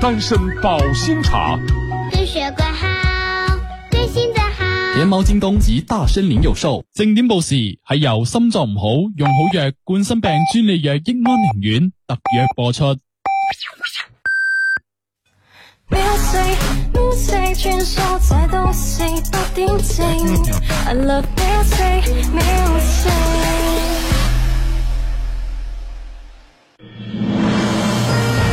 單身保心茶，對血管好，對心臟好。天貓、京東及大森林有售。正點報時係由心臟唔好用好藥，冠心病專利藥益安寧丸特約播出。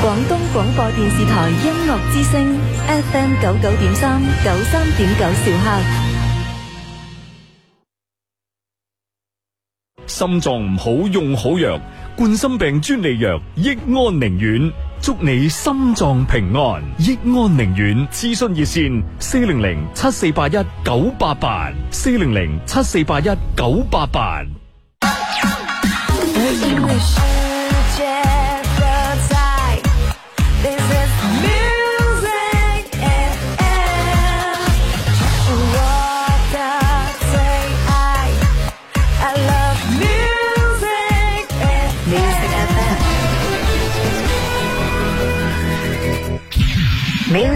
廣東廣播電視台音樂之聲 FM 九九點三九三點九兆赫。心臟唔好用好藥，冠心病專利藥益安寧丸，祝你心臟平安。益安寧丸，諮詢熱線四零零七四八一九八八四零零七四八一九八八。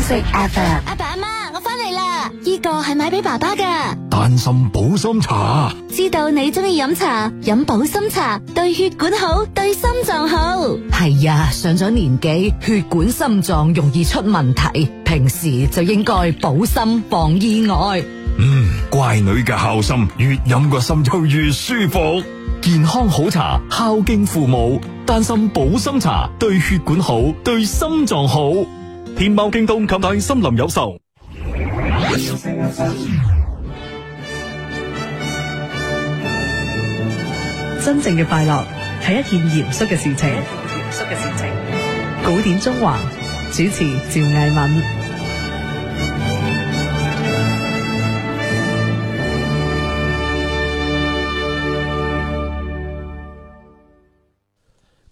吃阿爸阿媽，我翻嚟啦！依、這個係買俾爸爸嘅丹心保心茶。知道你中意飲茶，飲保心茶對血管好，對心臟好。係呀、啊，上咗年紀，血管心臟容易出問題，平時就應該保心防意外。嗯，乖女嘅孝心，越飲個心就越舒服。健康好茶，孝敬父母，丹心保心茶對血管好，對心臟好。天貓、京東、及大森林有售。真正嘅快樂係一件嚴肅嘅事情。古典中華主持趙藝敏。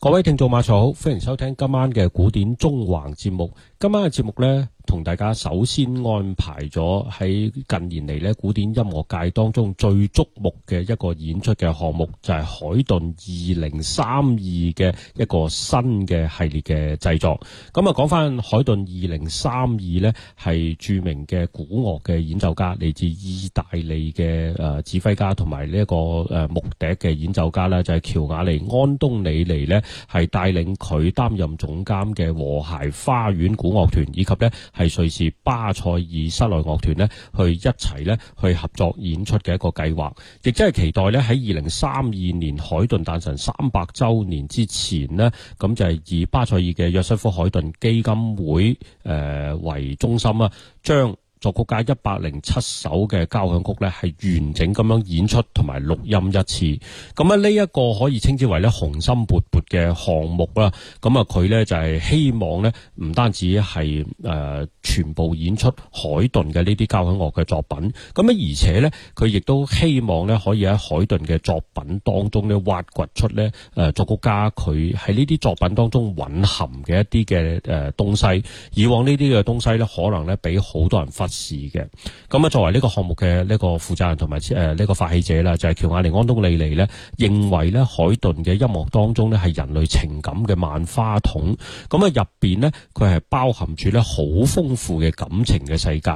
各位聽眾晚上好，歡迎收聽今晚嘅古典縱橫節目。今晚嘅節目咧。同大家首先安排咗喺近年嚟咧古典音樂界當中最矚目嘅一個演出嘅項目，就係海頓二零三二嘅一個新嘅系列嘅製作。咁啊，講翻海頓二零三二咧，係著名嘅古樂嘅演奏家，嚟自意大利嘅誒指揮家同埋呢一個誒木笛嘅演奏家啦，就係喬瓦尼安東尼尼咧，係帶領佢擔任總監嘅和諧花園古樂團以及咧。係瑞士巴塞爾室內樂團呢去一齊呢去合作演出嘅一個計劃，亦即係期待呢喺二零三二年海頓誕辰三百週年之前呢，咁就係以巴塞爾嘅約瑟夫海頓基金會誒為中心啊，將作曲家一百零七首嘅交響曲咧，係完整咁樣演出同埋錄音一次。咁啊，呢一個可以稱之為咧雄心勃勃嘅項目啦。咁啊，佢咧就係希望咧，唔單止係誒、呃、全部演出海頓嘅呢啲交響樂嘅作品，咁啊，而且咧，佢亦都希望咧可以喺海頓嘅作品當中咧挖掘出咧誒、呃、作曲家佢喺呢啲作品當中蘊含嘅一啲嘅誒東西。以往呢啲嘅東西咧，可能咧俾好多人發。事嘅，咁啊作為呢個項目嘅呢個負責人同埋誒呢個發起者啦，就係喬瓦尼安東尼尼呢認為咧海頓嘅音樂當中呢，係人類情感嘅萬花筒，咁啊入邊呢，佢係包含住呢好豐富嘅感情嘅世界，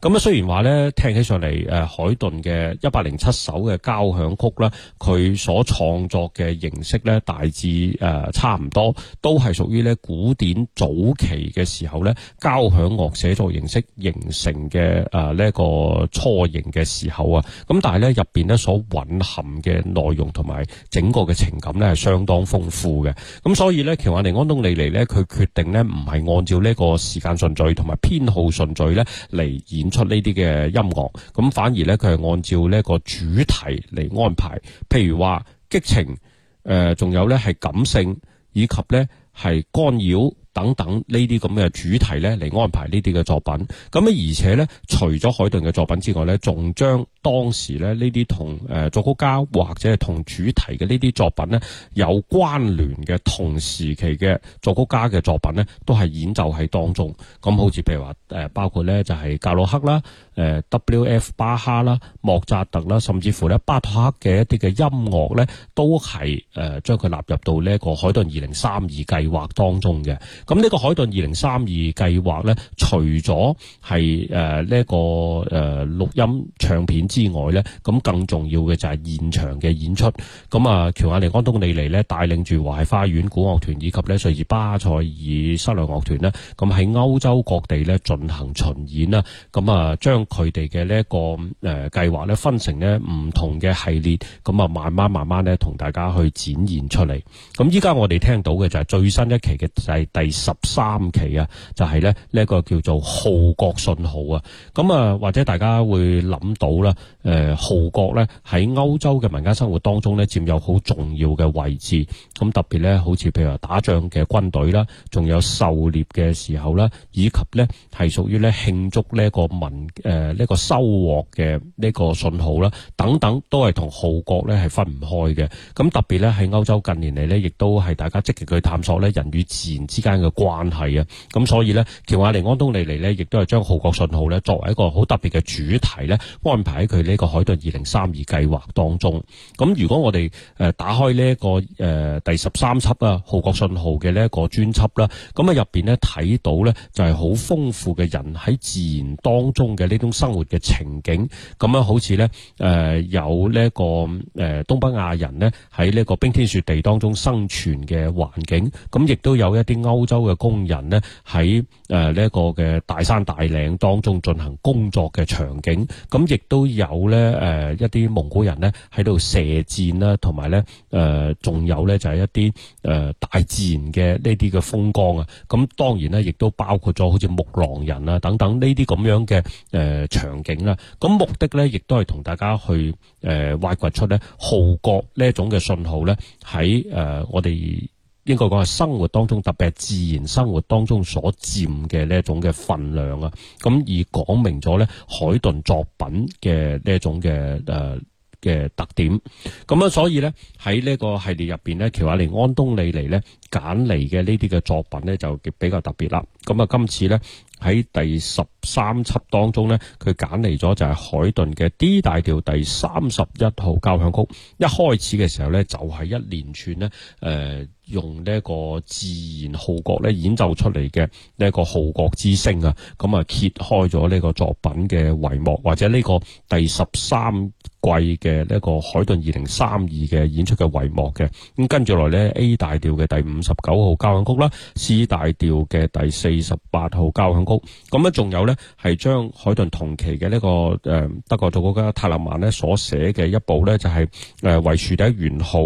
咁啊雖然話呢，聽起上嚟誒海頓嘅一百零七首嘅交響曲啦，佢所創作嘅形式呢，大致誒差唔多，都係屬於呢古典早期嘅時候呢，交響樂寫作形式形成嘅誒，呢、呃、一、這個初型嘅時候啊，咁但係咧入邊咧所蘊含嘅內容同埋整個嘅情感咧係相當豐富嘅，咁所以咧喬瓦尼安東尼尼咧，佢決定咧唔係按照呢個時間順序同埋編號順序咧嚟演出呢啲嘅音樂，咁反而咧佢係按照呢一個主題嚟安排，譬如話激情，誒、呃，仲有咧係感性，以及咧係干擾。等等呢啲咁嘅主題咧，嚟安排呢啲嘅作品。咁啊，而且咧，除咗海頓嘅作品之外咧，仲將。當時咧，呢啲同誒作曲家，或者係同主題嘅呢啲作品咧有關聯嘅同時期嘅作曲家嘅作品咧，都係演奏喺當中。咁好似譬如話誒包括咧就係格洛克啦、誒 W.F. 巴哈啦、莫扎特啦，甚至乎咧巴托克嘅一啲嘅音樂咧，都係誒將佢納入到呢一個海頓二零三二計劃當中嘅。咁呢個海頓二零三二計劃咧，除咗係誒呢一個誒錄音唱片之。之外呢，咁更重要嘅就係現場嘅演出。咁啊，喬瓦尼安東尼尼呢，帶領住和諧花園古樂團以及呢瑞士巴塞爾以室內樂團呢，咁喺歐洲各地呢進行巡演啦。咁啊，將佢哋嘅呢一個誒計劃呢，分成呢唔同嘅系列，咁啊，慢慢慢慢呢，同大家去展現出嚟。咁依家我哋聽到嘅就係最新一期嘅，就係第十三期啊，就係呢呢一個叫做號角信號啊。咁啊，或者大家會諗到啦。.誒、呃，號角咧喺歐洲嘅民間生活當中咧，佔有好重要嘅位置。咁特別咧，好似譬如話打仗嘅軍隊啦，仲有狩獵嘅時候啦，以及咧係屬於咧慶祝呢一個民誒呢、呃這個收穫嘅呢個信號啦，等等都係同號角咧係分唔開嘅。咁特別咧喺歐洲近年嚟咧，亦都係大家積極去探索咧人與自然之間嘅關係啊。咁所以咧，喬瓦尼安東尼尼咧，亦都係將號角信號咧作為一個好特別嘅主題咧安排喺。去呢個海頓二零三二計劃當中，咁如果我哋誒打開呢一個誒第十三輯啊號角信號嘅呢一個專輯啦，咁啊入邊咧睇到咧就係好豐富嘅人喺自然當中嘅呢種生活嘅情景，咁樣好似咧誒有呢一個誒東北亞人咧喺呢個冰天雪地當中生存嘅環境，咁亦都有一啲歐洲嘅工人咧喺誒呢一個嘅大山大嶺當中進行工作嘅場景，咁亦都有。有咧，誒一啲蒙古人咧喺度射箭啦，同埋咧，誒仲有咧就係一啲誒大自然嘅呢啲嘅風光啊。咁當然咧，亦都包括咗好似牧狼人啊等等呢啲咁樣嘅誒場景啦。咁目的咧，亦都係同大家去誒挖掘出咧號角呢種嘅信號咧喺誒我哋。應該講係生活當中，特別係自然生活當中所佔嘅呢一種嘅份量啊，咁而講明咗咧海頓作品嘅呢一種嘅誒。呃嘅特點，咁啊，所以咧喺呢個系列入邊咧，喬瓦尼安東尼尼咧揀嚟嘅呢啲嘅作品咧就比較特別啦。咁啊，今次咧喺第十三輯當中咧，佢揀嚟咗就係海頓嘅 D 大調第三十一號交響曲。一開始嘅時候咧，就係、是、一連串咧，誒、呃，用呢個自然號角咧演奏出嚟嘅呢個號角之聲啊，咁啊揭開咗呢個作品嘅帷幕，或者呢個第十三。貴嘅呢個海頓二零三二嘅演出嘅帷幕嘅，咁跟住落嚟呢 A 大調嘅第五十九號交響曲啦，C 大調嘅第四十八號交響曲，咁咧仲有呢，係將海頓同期嘅呢、這個誒、嗯、德國作曲家泰勒曼呢所寫嘅一部呢，就係、是、誒、呃、為豎笛圓號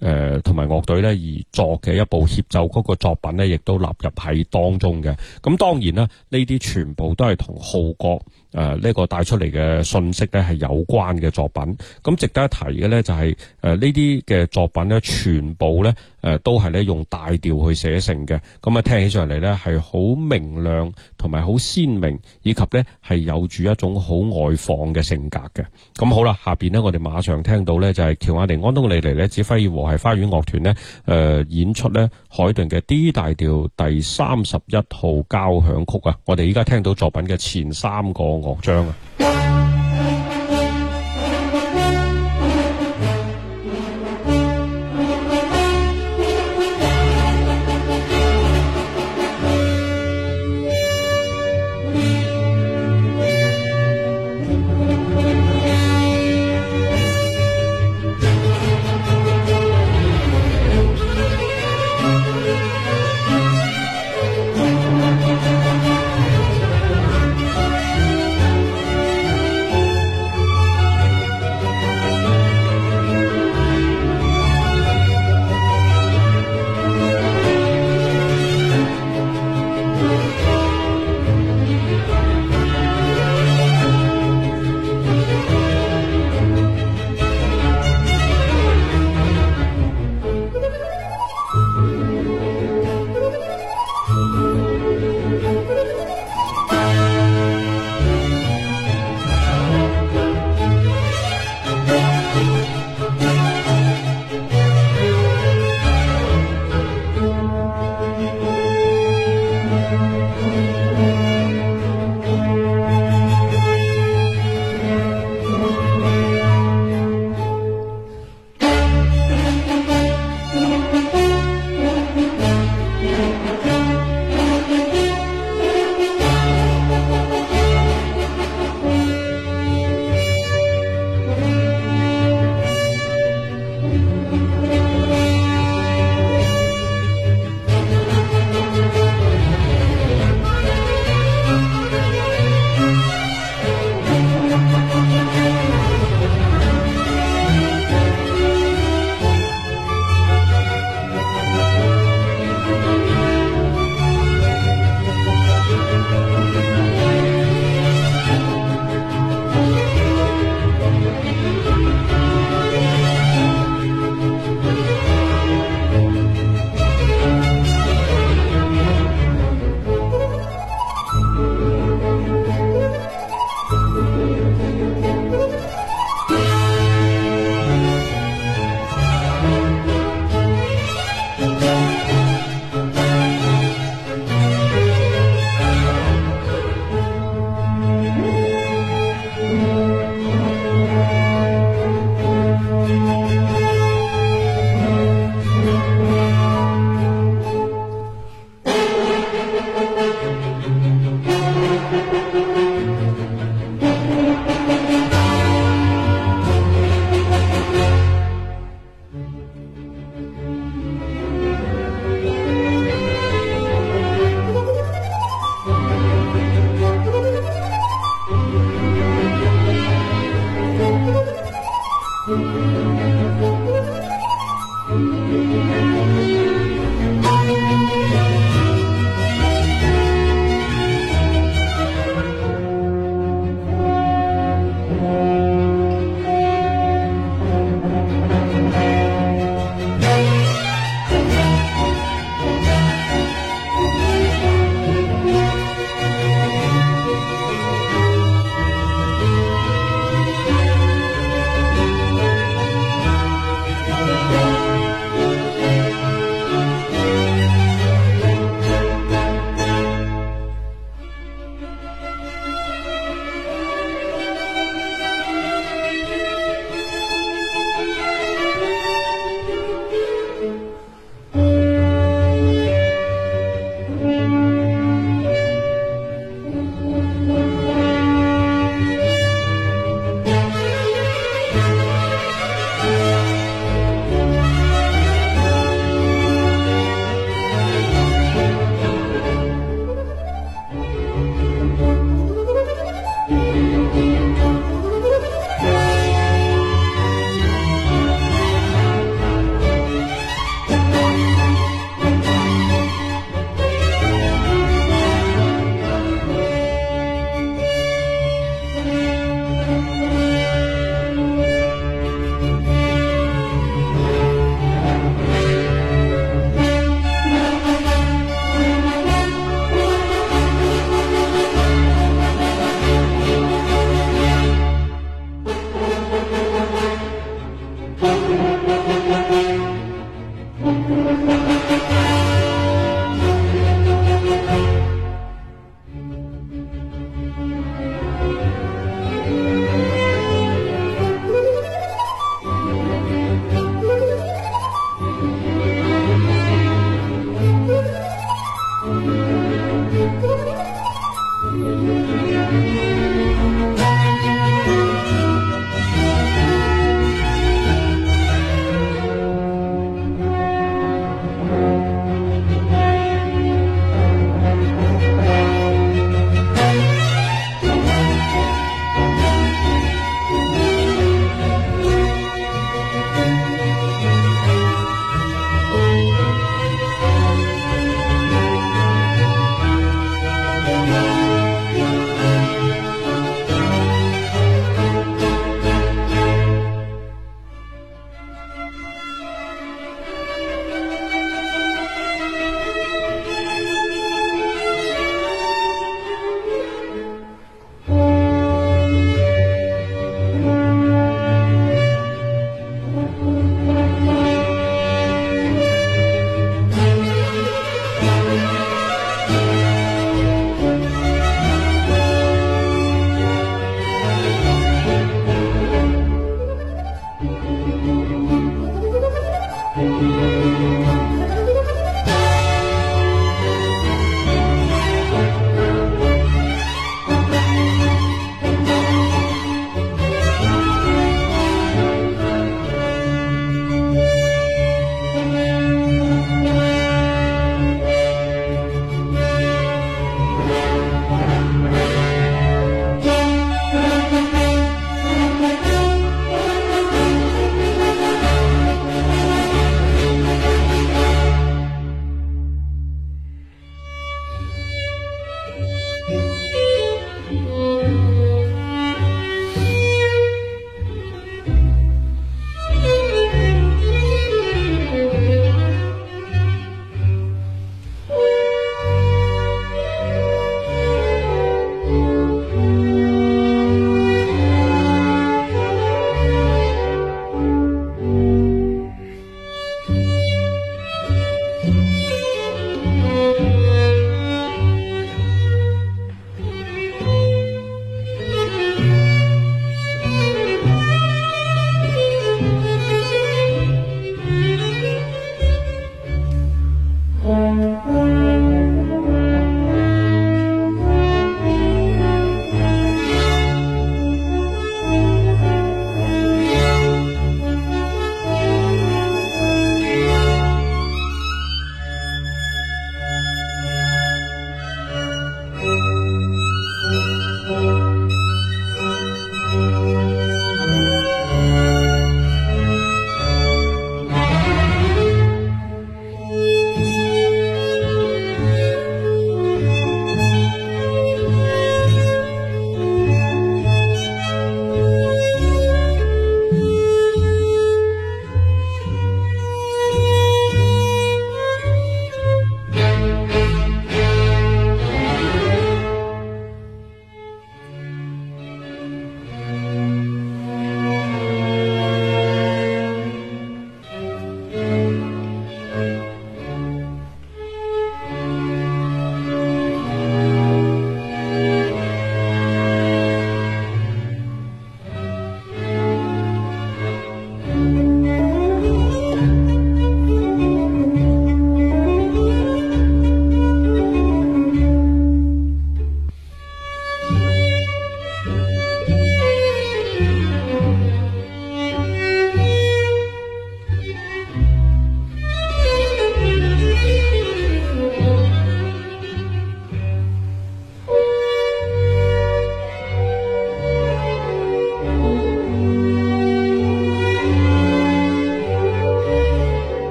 誒同埋樂隊呢而作嘅一部協奏曲。個作品呢亦都納入喺當中嘅。咁、嗯、當然啦，呢啲全部都係同浩國誒、呃，呢、這個帶出嚟嘅信息咧，係有關嘅作品，咁值得一提嘅咧就係誒呢啲嘅作品咧，全部咧。誒都係咧用大調去寫成嘅，咁啊聽起上嚟咧係好明亮同埋好鮮明，以及咧係有住一種好外放嘅性格嘅。咁、嗯、好啦，下面呢，我哋馬上聽到咧就係、是、喬亞尼安東尼尼咧指揮和諧花園樂團咧、呃、誒演出咧海頓嘅 D 大調第三十一號交響曲啊！我哋依家聽到作品嘅前三個樂章啊。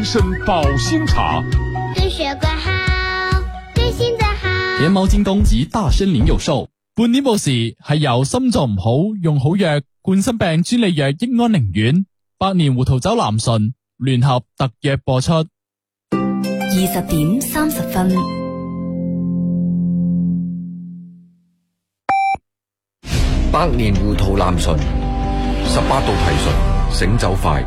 養生保心茶，對血管好，對心臟好。天貓京東及大森林有售。半年報時係由心臟唔好，用好藥冠心病專利藥益安寧丸。百年胡桃酒南醇，聯合特約播出。二十點三十分。百年胡桃南醇，十八度提醇，醒酒快。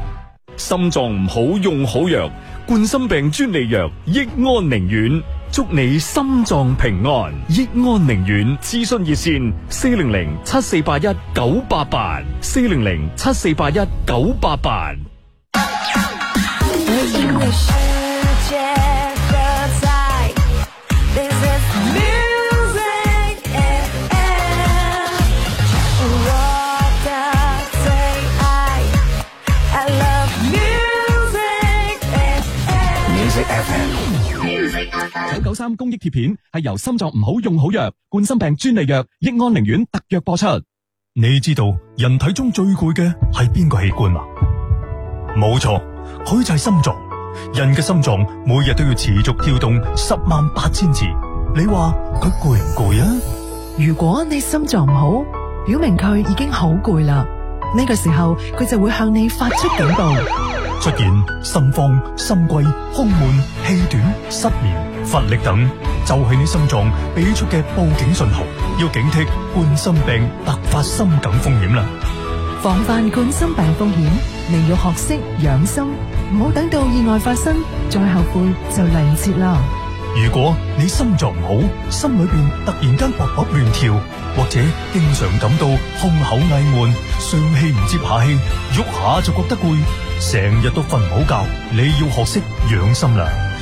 心臟唔好，用好藥，冠心病專利藥，益安寧丸，祝你心臟平安。益安寧丸，諮詢熱線：四零零七四八一九八八，四零零七四八一九八八。 九九三公益貼片係由，心臟唔好用好藥，冠心病專利藥益安寧丸特約播出。你知道人體中最攰嘅係邊個器官嗎？冇錯，佢就係心臟。人嘅心臟每日都要持續跳動十萬八千次，你話佢攰唔攰啊？如果你心臟唔好，表明佢已經好攰啦。呢個時候佢就會向你發出警告，出現心慌、心悸、胸悶、氣短、失眠。乏力等就係你心臟俾出嘅報警信號，要警惕冠心病突發心梗風險啦。防範冠心病風險，你要學識養心，唔好等到意外發生再後悔就嚟唔切啦。如果你心臟唔好，心裏邊突然間搏搏亂跳，或者經常感到胸口翳悶、上氣唔接下氣、喐下就覺得攰，成日都瞓唔好覺，你要學識養心啦。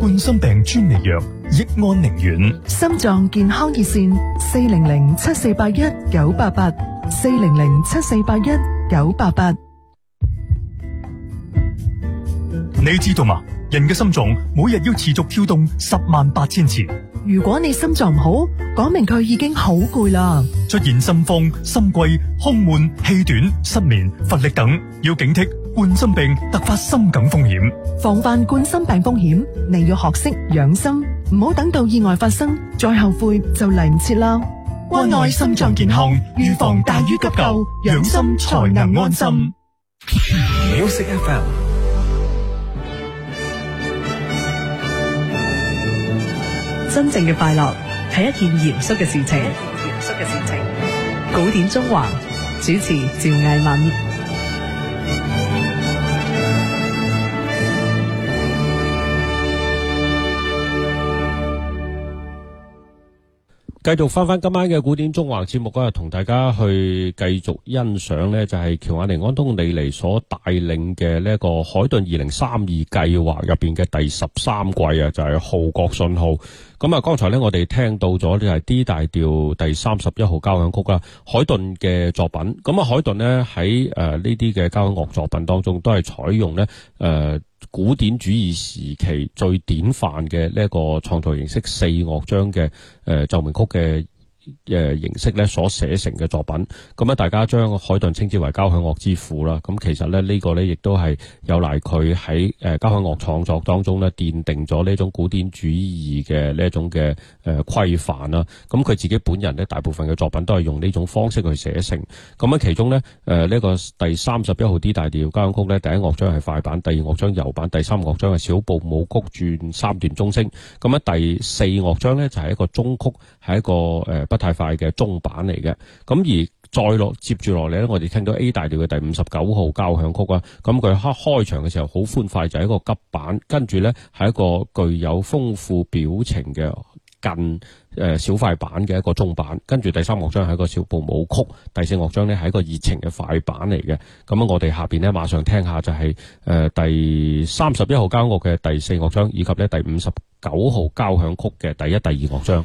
冠心病專利藥益安寧丸，心臟健康熱線四零零七四八一九八八，四零零七四八一九八八，你知道嗎？人嘅心臟每日要持續跳動十萬八千次。如果你心臟唔好，講明佢已經好攰啦。出現心慌、心悸、胸悶、氣短、失眠、乏力等，要警惕冠心病突發心梗風險。防範冠心病風險，你要學識養心，唔好等到意外發生再後悔就嚟唔切啦。關愛心臟健康，預防大於急救，養心才能安心。真正嘅快樂係一件嚴肅嘅事情。嚴肅嘅事情。古典縱橫主持趙藝敏，繼續返返今晚嘅古典縱橫節目嗰日，同大家去繼續欣賞呢就係喬瓦尼安東尼尼所帶領嘅呢一個海頓二零三二計劃入邊嘅第十三季啊，就係《號角信號》。咁啊，剛才咧我哋聽到咗呢係 D 大調第三十一號交響曲啦，海頓嘅作品。咁啊，海頓咧喺誒呢啲嘅交響樂作品當中，都係採用咧誒古典主義時期最典範嘅呢一個創作形式，四樂章嘅誒奏鳴曲嘅。誒，形式咧所寫成嘅作品，咁啊，大家將海頓稱之為交響樂之父啦。咁其實咧呢個咧，亦都係有賴佢喺誒交響樂創作當中咧奠定咗呢種古典主義嘅呢一種嘅誒規範啦。咁佢自己本人咧大部分嘅作品都係用呢種方式去寫成。咁啊，其中咧誒呢個第三十一號 D 大調交響曲咧，第一樂章係快板，第二樂章柔板，第三樂章係小步舞曲轉三段中聲。咁啊，第四樂章咧就係一個終曲。係一個誒，不太快嘅中板嚟嘅。咁而再落接住落嚟咧，我哋聽到 A 大調嘅第五十九號交響曲啊。咁佢開開場嘅時候好歡快，就係、是、一個急板，跟住呢，係一個具有豐富表情嘅近誒、呃、小快板嘅一個中板。跟住第三樂章係一個小步舞曲，第四樂章呢係一個熱情嘅快板嚟嘅。咁我哋下邊呢，馬上聽下就係、是、誒、呃、第三十一號交響樂嘅第四樂章，以及呢第五十九號交響曲嘅第一、第二樂章。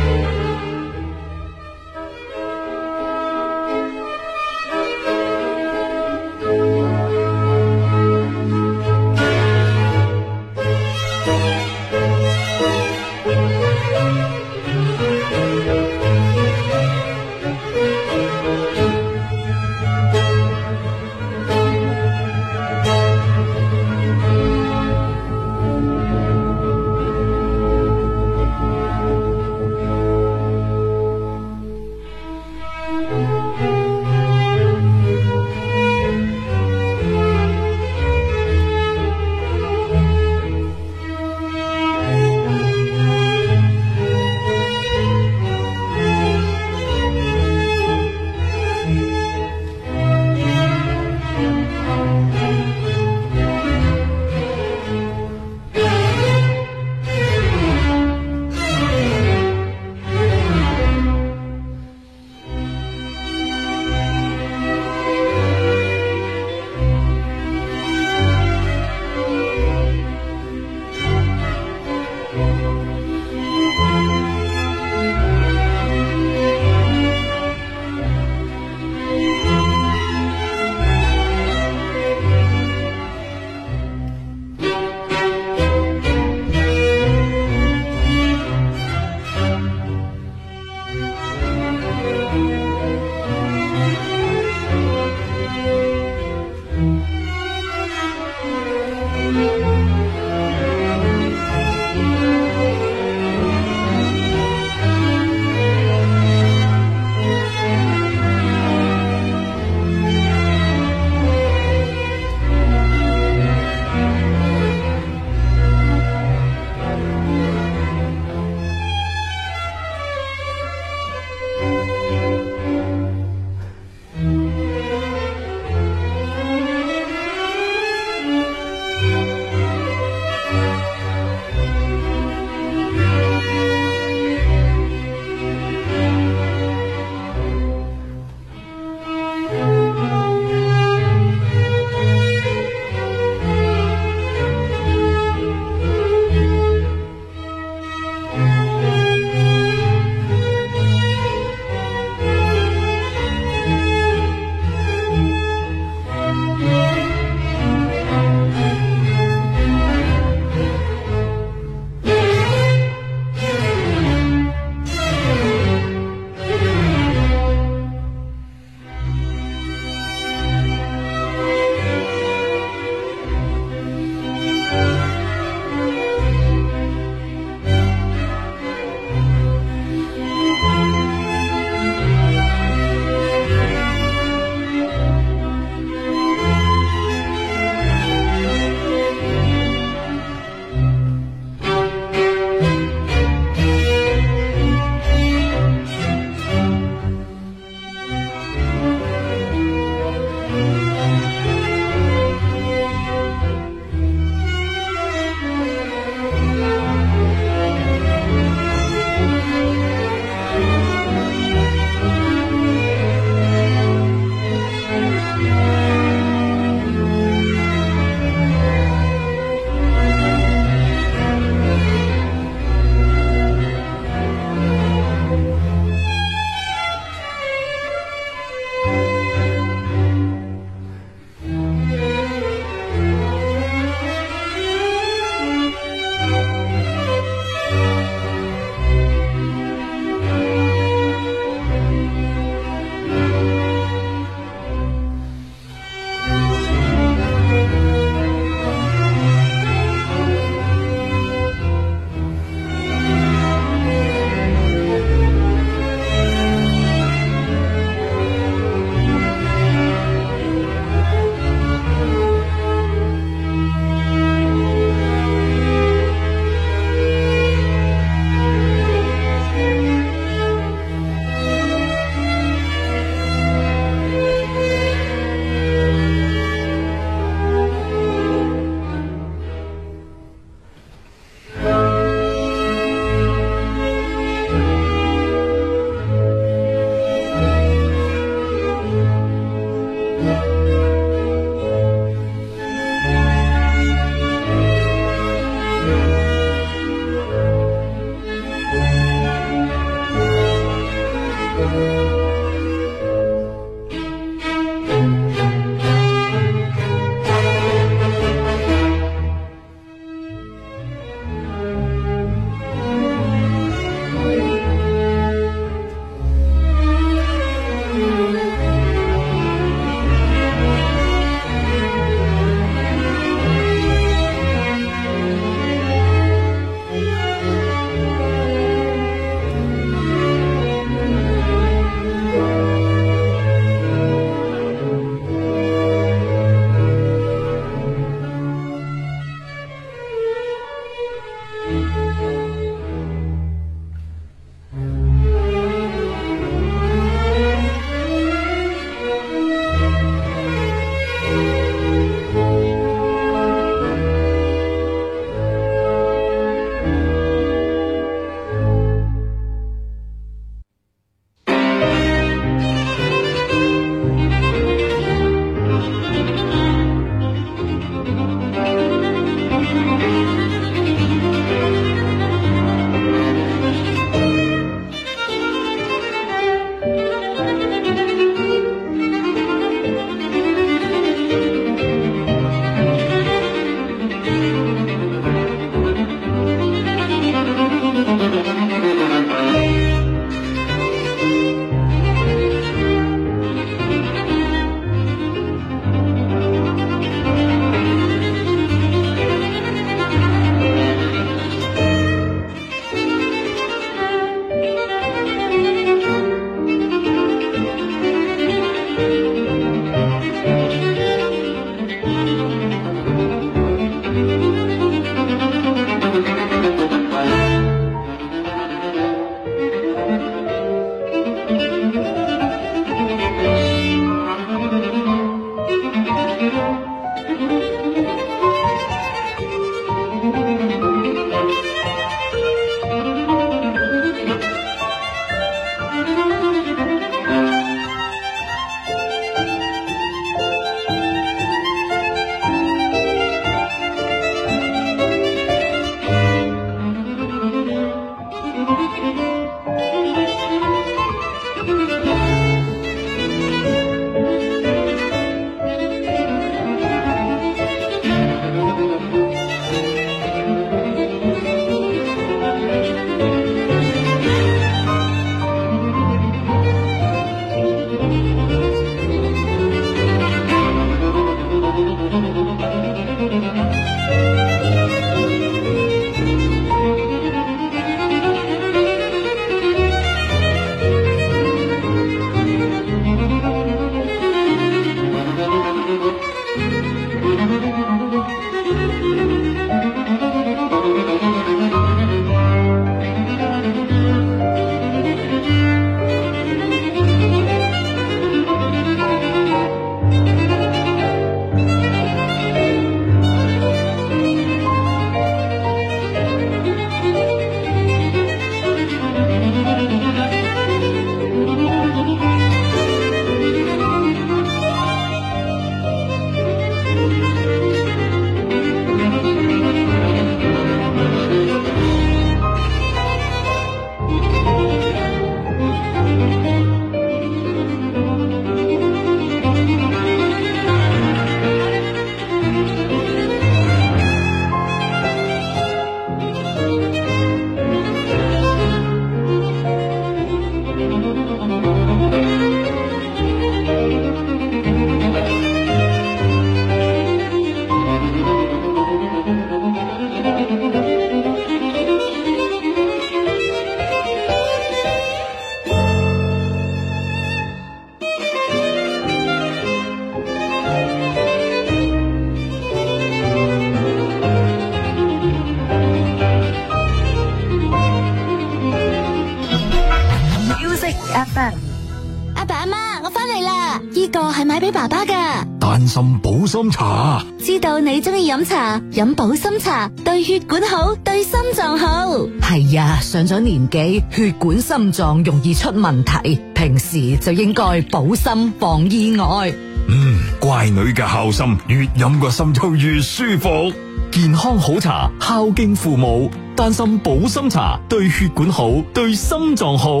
上咗年紀，血管心臟容易出問題，平時就應該補心防意外。嗯，乖女嘅孝心，越飲個心就越舒服。健康好茶，孝敬父母，丹心補心茶對血管好，對心臟好。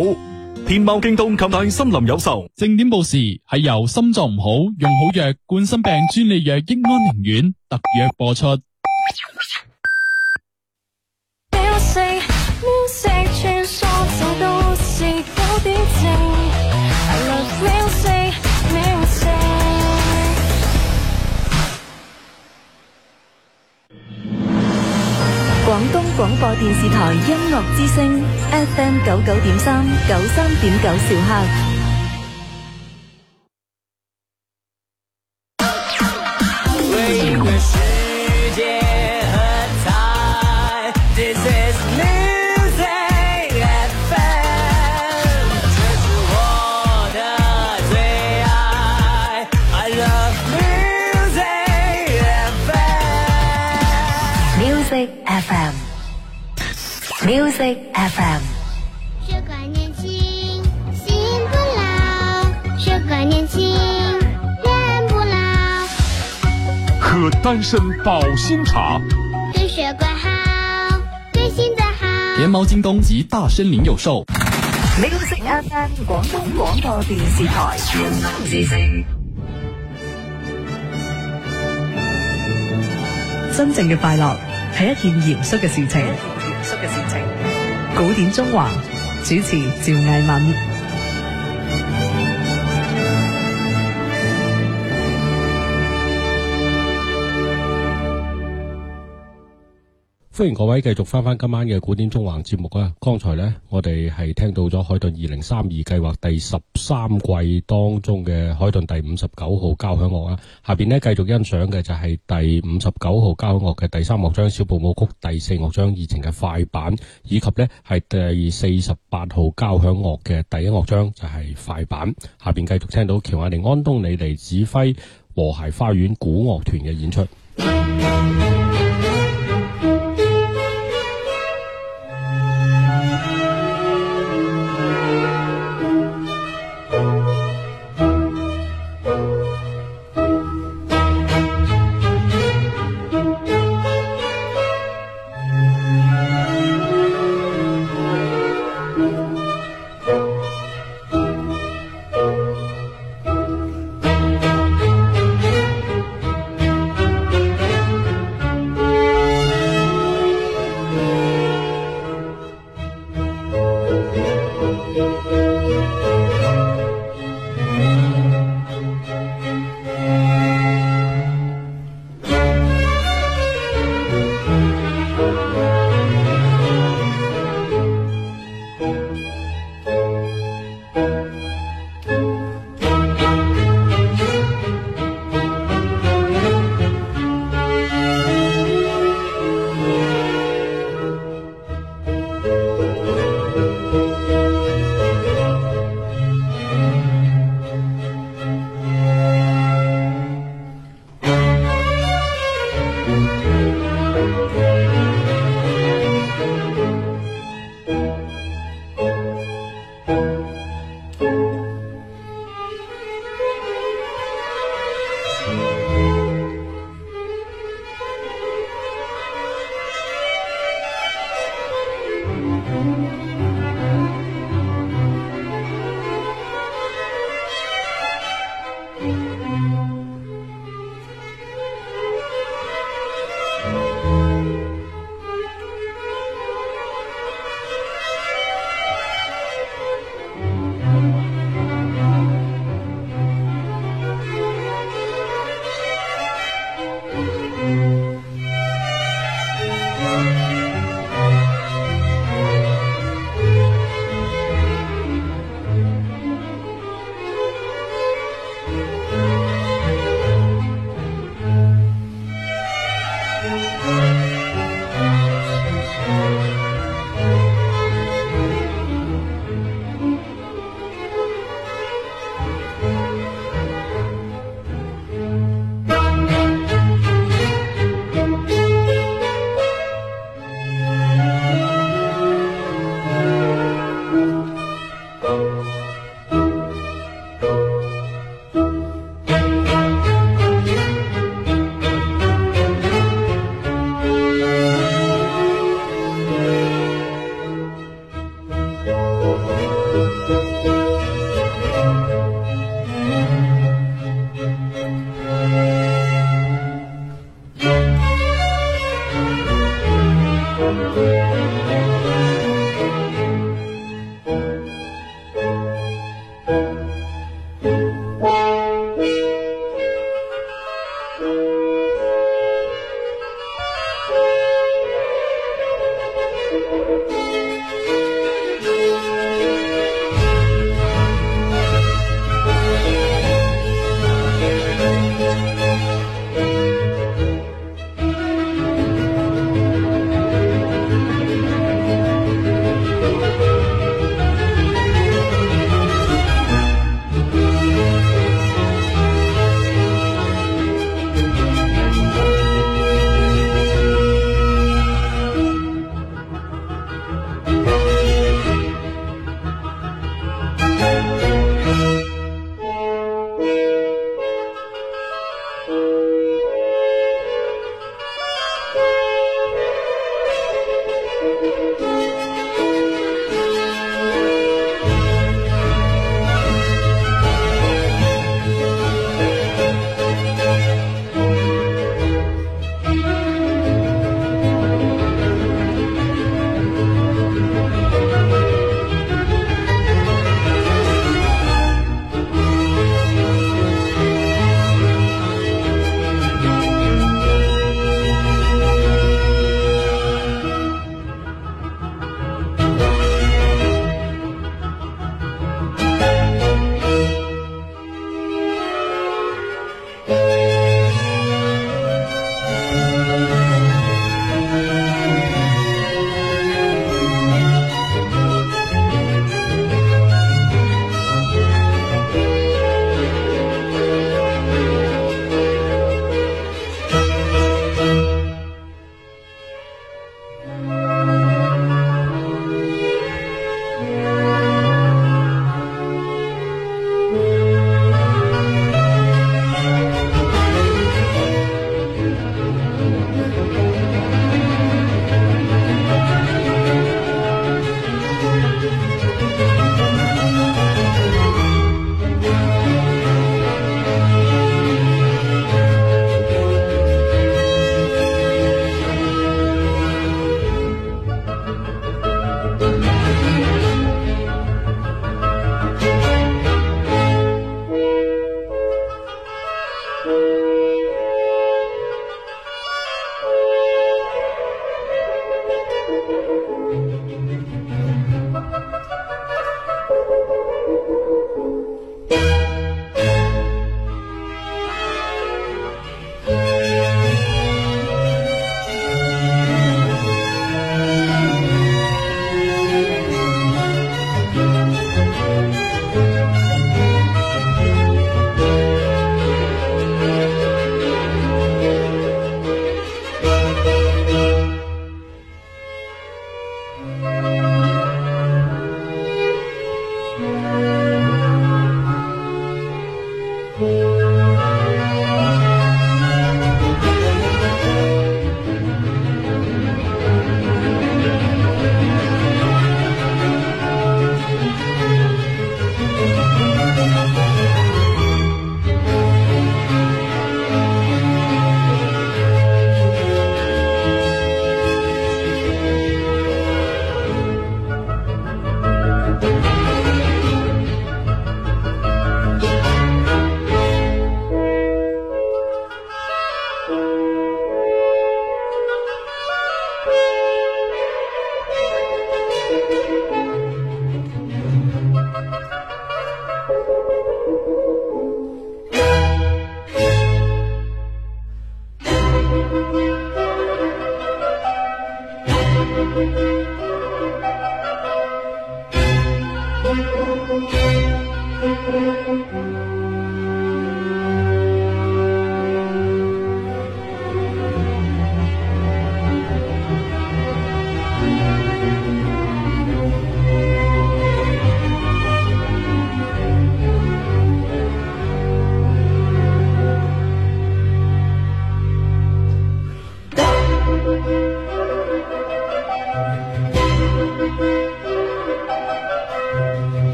天貓、京東、購大森林有售。正點報時係由心臟唔好用好藥冠心病專利藥益安寧丸特約播出。樂之聲 FM 九九點三九三點九兆赫。保心茶，對血管好，對心臟好。天貓京東及大森林有售。歡迎收聽廣東廣播電視台《新聞之星》。真正的快樂，是一件嚴肅的事情。一件嚴肅的事情。古典縱橫，主持趙毅敏。歡迎各位繼續翻翻今晚嘅古典縱橫節目啊。剛才呢，我哋係聽到咗海頓二零三二計劃第十三季當中嘅海頓第五十九號交響樂啊。下邊呢，繼續欣賞嘅就係第五十九號交響樂嘅第三樂章小步舞曲，第四樂章以前嘅快板，以及呢係第四十八號交響樂嘅第一樂章就係快板。下邊繼續聽到喬瓦尼安東尼尼指揮和諧花園古樂團嘅演出。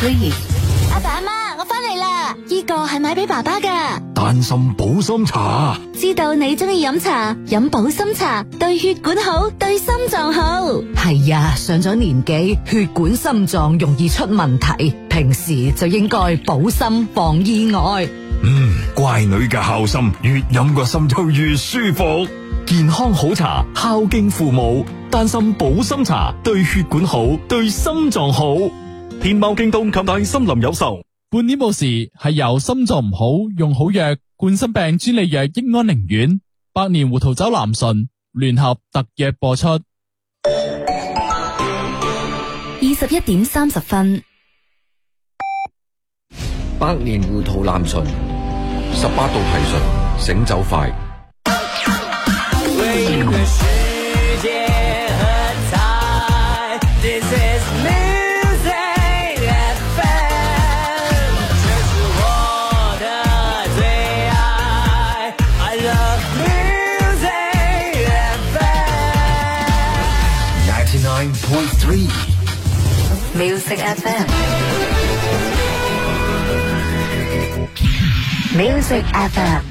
阿、Hey. 爸阿媽，媽，我翻嚟啦！依、這個係買俾爸爸噶，丹心補心茶。知道你中意飲茶，飲補心茶對血管好，對心臟好。係啊，上咗年紀，血管心臟容易出問題，平時就應該補心防意外。嗯，乖女嘅孝心，越飲個心就越舒服，健康好茶孝敬父母，丹心補心茶對血管好，對心臟好。天貓、京東及大森林有售。半年冇事係由心臟唔好，用好藥。冠心病專利藥益安寧丸，百年糊塗酒南順聯合特約播出。二十一點三十分，百年糊塗南順，十八度提純，醒酒快。Music FM，Music FM。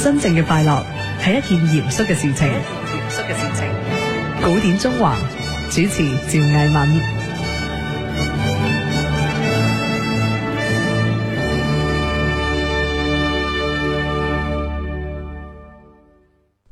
真正嘅快樂係一件嚴肅嘅事情，一件嚴肅嘅事情。古典縱橫主持，趙藝敏。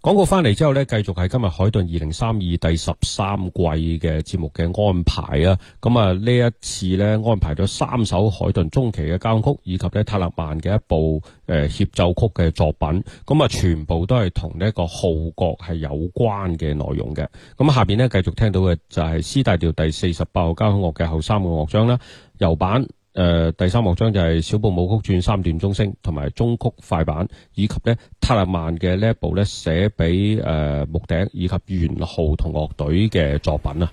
廣告翻嚟之後呢，繼續係今日海頓二零三二第十三季嘅節目嘅安排啊！咁啊呢一次呢，安排咗三首海頓中期嘅交響曲，以及呢塔勒曼嘅一部誒、呃、協奏曲嘅作品，咁啊全部都係同呢個號角係有關嘅內容嘅。咁下邊呢，繼續聽到嘅就係 C 大調第四十八號交響樂嘅後三個樂章啦，右版。誒、呃，第三樂章就係小步舞曲轉三段中聲，同埋中曲快板，以及咧泰勒曼嘅呢一部咧寫俾誒木笛以及圓號同樂隊嘅作品啊。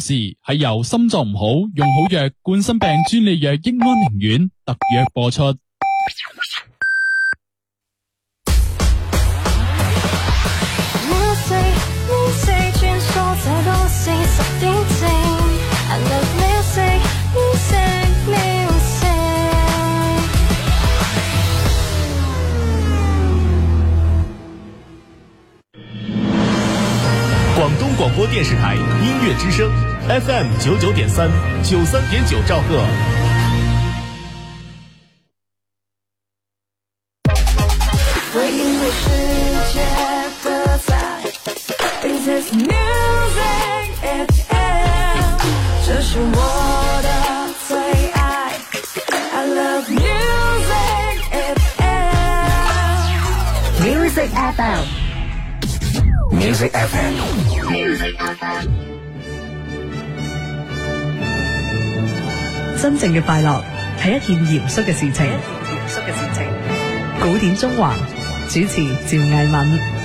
是係由心臟唔好用好藥，冠心病專利藥益安寧丸特約播出。廣東廣播電視台音樂之聲。FM 九九點三，九三點九兆赫。嚴肅嘅事情，嚴肅嘅事情。古典縱橫主持趙藝敏。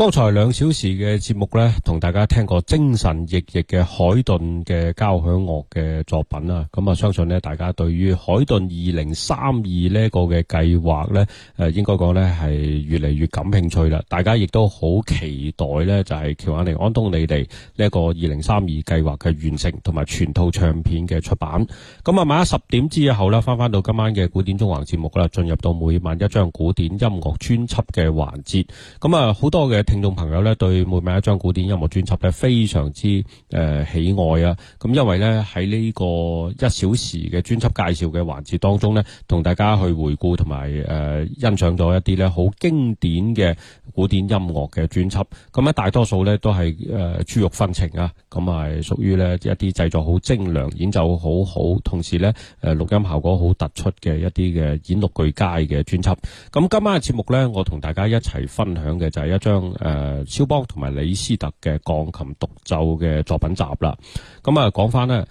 剛才兩小時嘅節目呢，同大家聽過精神奕奕嘅海頓嘅交響樂嘅作品啦。咁啊，相信呢，大家對於海頓二零三二呢個嘅計劃呢，誒、呃，應該講呢係越嚟越感興趣啦。大家亦都好期待呢，就係喬瓦尼安東尼尼呢一個二零三二計劃嘅完成同埋全套唱片嘅出版。咁啊，晚黑十點之後呢，翻翻到今晚嘅古典縱橫節目啦，進入到每晚一張古典音樂專輯嘅環節。咁啊，好多嘅。聽眾朋友咧對每晚一張古典音樂專輯咧非常之誒、呃、喜愛啊！咁因為咧喺呢個一小時嘅專輯介紹嘅環節當中咧，同大家去回顧同埋誒欣賞咗一啲咧好經典嘅古典音樂嘅專輯。咁、呃、咧大多數咧都係誒、呃、豬肉分情啊！咁係屬於咧一啲製作好精良、演奏好好，同時咧誒、呃、錄音效果好突出嘅一啲嘅演錄俱佳嘅專輯。咁、呃、今晚嘅節目咧，我同大家一齊分享嘅就係一張誒、呃、肖邦同埋李斯特嘅鋼琴獨奏嘅作品集啦，咁啊講翻咧，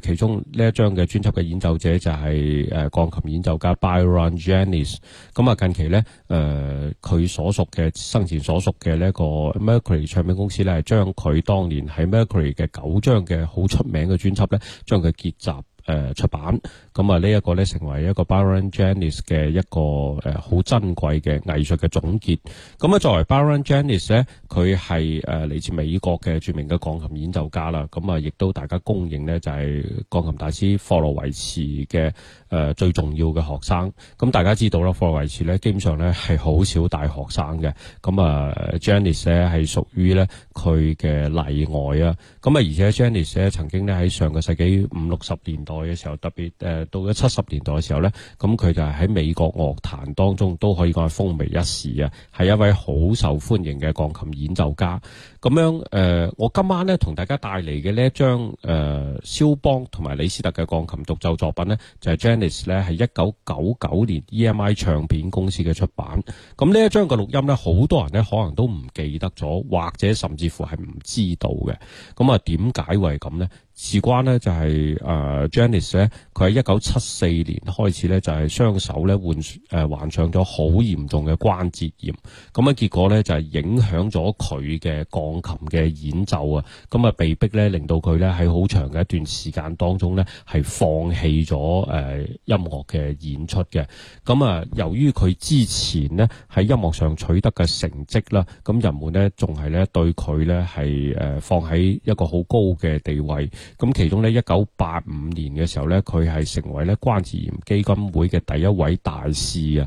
其中呢一張嘅專輯嘅演奏者就係、是、誒、呃、鋼琴演奏家 Byron Janis，咁啊、嗯、近期咧誒佢所屬嘅生前所屬嘅呢一個 Mercury 唱片公司咧，將佢當年喺 Mercury 嘅九張嘅好出名嘅專輯咧，將佢結集、呃、出版。咁啊，呢一個咧成為一個 Byron Janis 嘅一個誒好珍貴嘅藝術嘅總結，咁啊，作為 Byron Janis 咧，佢係誒嚟自美國嘅著名嘅鋼琴演奏家啦。咁啊，亦都大家公認咧就係鋼琴大師霍洛維茨嘅誒最重要嘅學生。咁大家知道啦，霍洛維茨咧基本上咧係好少帶學生嘅。咁啊 Janis 咧係屬於咧佢嘅例外啊。咁啊，而且 Janis 咧曾經咧喺上個世紀五六十年代嘅時候特別誒。到咗七十年代嘅時候呢，咁佢就係喺美國樂壇當中都可以講係風靡一時啊，係一位好受歡迎嘅鋼琴演奏家。咁樣誒、呃，我今晚呢同大家帶嚟嘅呢一張誒肖邦同埋李斯特嘅鋼琴獨奏作品呢，就係、是、Janice 呢係一九九九年 EMI 唱片公司嘅出版。咁呢一張嘅錄音呢，好多人呢可能都唔記得咗，或者甚至乎係唔知道嘅。咁啊，點解會咁呢？事關、就係呃 Janis、呢就係誒，Janis 咧，佢喺一九七四年開始呢，就係雙手呢患誒患上咗好嚴重嘅關節炎，咁啊結果呢，就係、是、影響咗佢嘅鋼琴嘅演奏啊，咁啊被逼呢，令到佢呢喺好長嘅一段時間當中呢，係放棄咗誒、呃、音樂嘅演出嘅。咁啊，由於佢之前呢喺音樂上取得嘅成績啦，咁人們呢仲係呢對佢呢係放喺一個好高嘅地位。咁其中咧，一九八五年嘅時候咧，佢係成為咧關節炎基金會嘅第一位大使啊！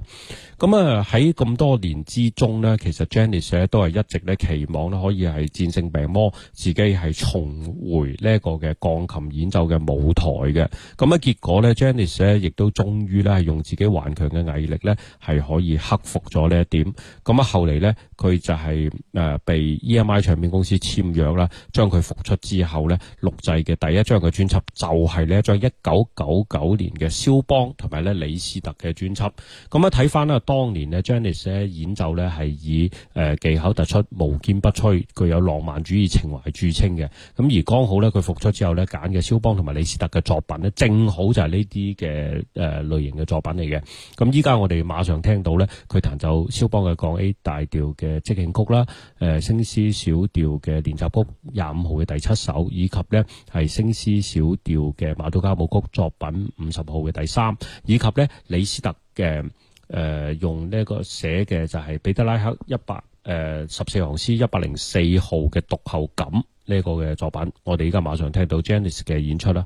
咁啊喺咁多年之中咧，其實 Janice 咧都係一直咧期望咧可以係戰勝病魔，自己係重回呢一個嘅鋼琴演奏嘅舞台嘅。咁啊，結果咧，Janice 咧亦都終於咧係用自己頑強嘅毅力咧係可以克服咗呢一點，咁啊，後嚟咧佢就係、是、誒、呃、被 EMI 唱片公司簽約啦，將佢復出之後咧錄製嘅。第一張嘅專輯就係咧，張一九九九年嘅肖邦同埋咧李斯特嘅專輯。咁啊睇翻咧，當年咧，Janice 咧演奏咧係以誒技巧突出，無堅不摧，具有浪漫主義情懷著稱嘅。咁而剛好咧，佢復出之後咧揀嘅肖邦同埋李斯特嘅作品咧，正好就係呢啲嘅誒類型嘅作品嚟嘅。咁依家我哋馬上聽到咧，佢彈奏肖邦嘅降 A 大調嘅即興曲啦，誒升 C 小調嘅練習曲廿五號嘅第七首，以及咧係，升 C 小調嘅馬都加舞曲作品五十號嘅第三，以及咧李斯特嘅誒、呃、用呢一個寫嘅就係、是、彼得拉克一百誒十四行詩一百零四號嘅讀後感呢一、這個嘅作品，我哋而家馬上聽到 Janice 嘅演出啦。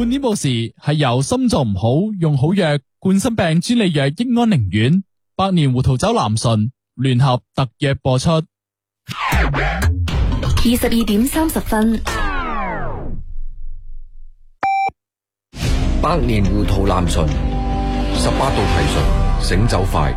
半點報時，係由心臟唔好用好藥。冠心病專利藥益安寧丸，百年胡桃酒南順聯合特約播出。二十二點三十分，百年胡桃南順，十八度提純，醒酒快。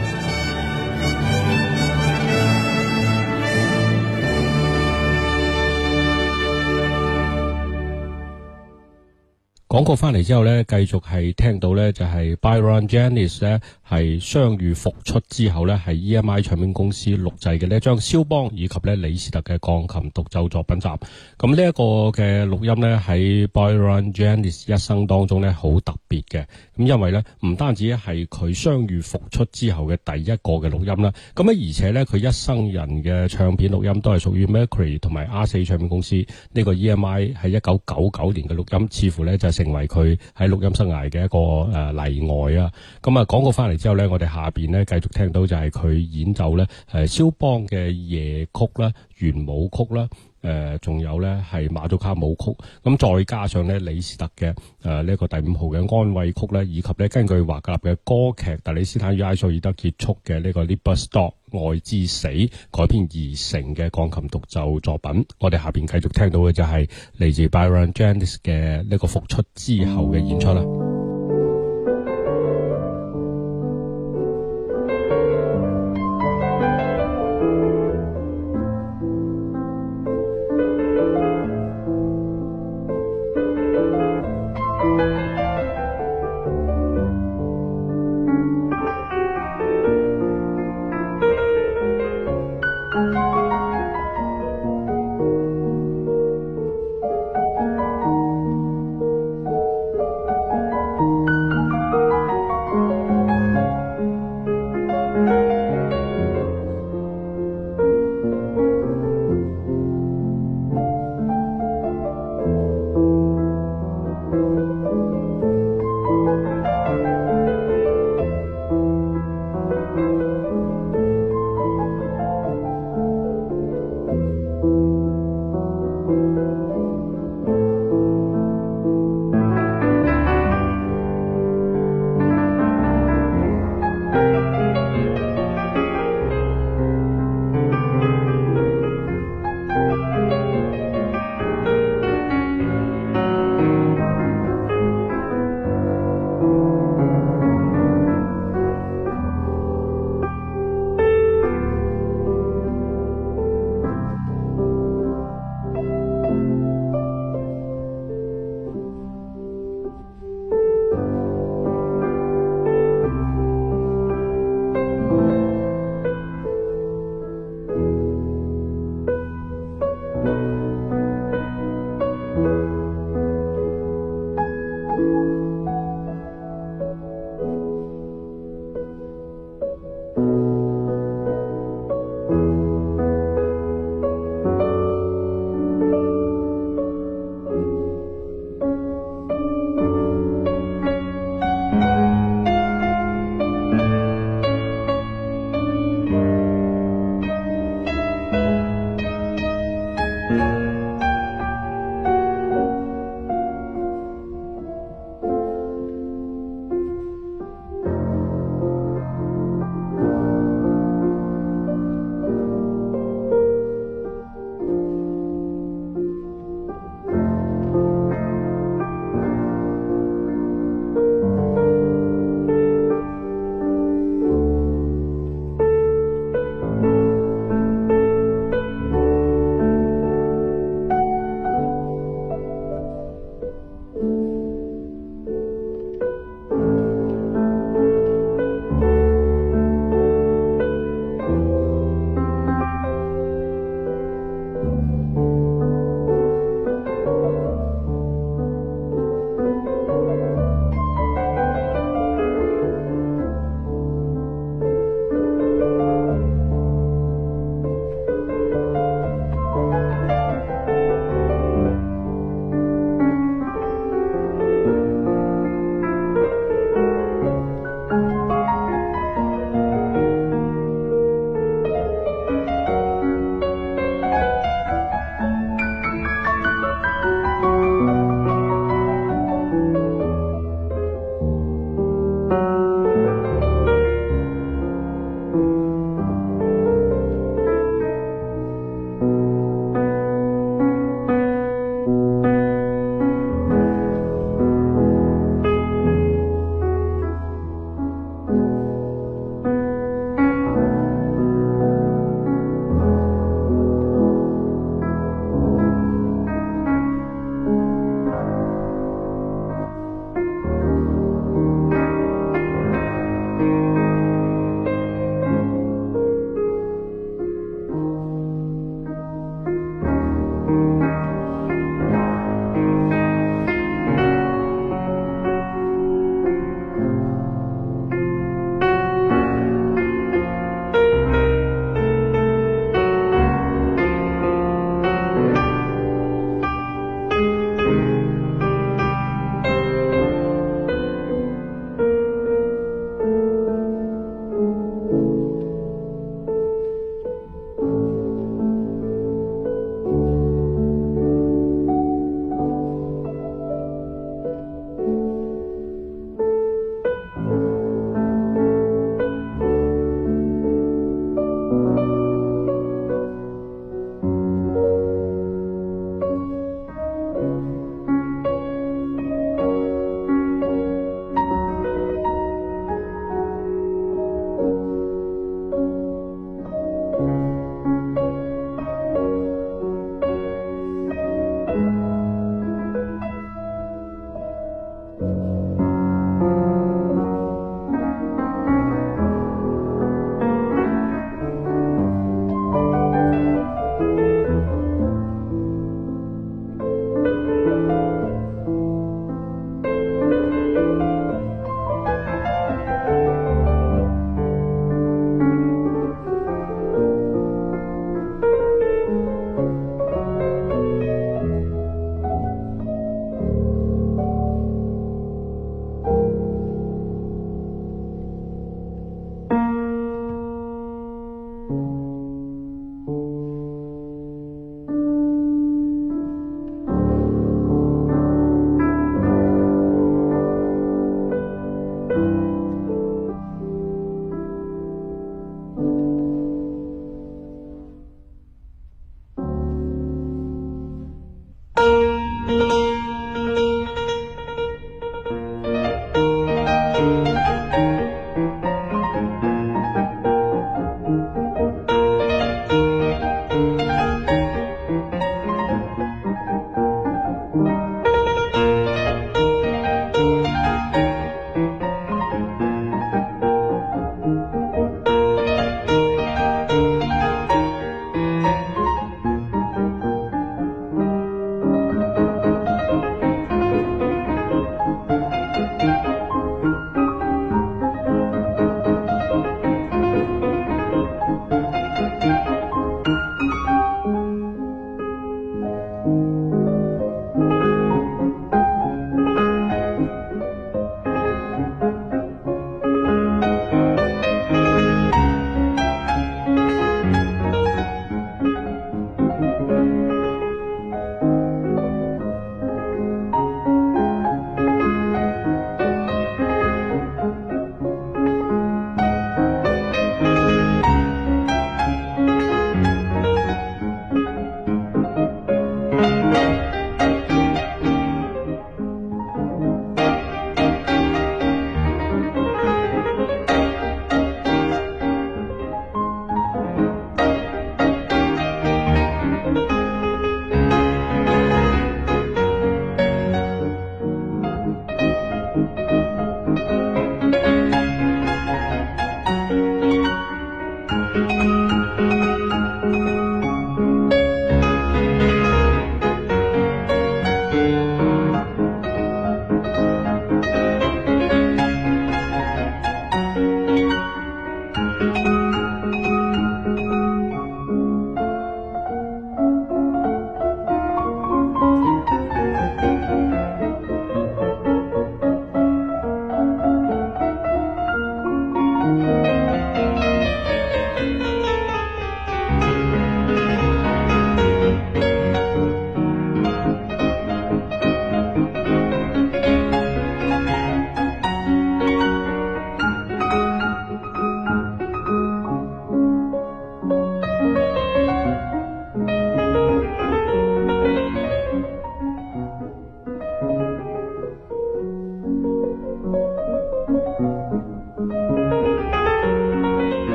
廣告翻嚟之後呢，繼續係聽到呢，就係、是、Byron Janis 呢，係傷愈復出之後呢，係 EMI 唱片公司錄製嘅呢張肖邦以及呢李斯特嘅鋼琴獨奏作品集。咁呢一個嘅錄音呢，喺 Byron Janis 一生當中呢，好特別嘅。咁因為呢，唔單止係佢傷愈復出之後嘅第一個嘅錄音啦，咁啊而且呢，佢一生人嘅唱片錄音都係屬於 Mercury 同埋 RCA 唱片公司呢、呢個 EMI 係一九九九年嘅錄音，似乎呢就係、是。成為佢喺錄音生涯嘅一個誒例外啊！咁啊，廣告翻嚟之後咧，我哋下邊咧繼續聽到就係佢演奏咧誒肖邦嘅夜曲啦、圓舞曲啦、誒、呃、仲有咧係馬祖卡舞曲，咁再加上咧李斯特嘅誒呢個第五號嘅安慰曲咧，以及咧根據華格納嘅歌劇《特里斯坦與埃索爾德》結束嘅呢個 Liebestod。愛之死》改編而成嘅鋼琴獨奏作品，我哋下面繼續聽到嘅就係嚟自 Byron Janis 嘅呢個復出之後嘅演出啦。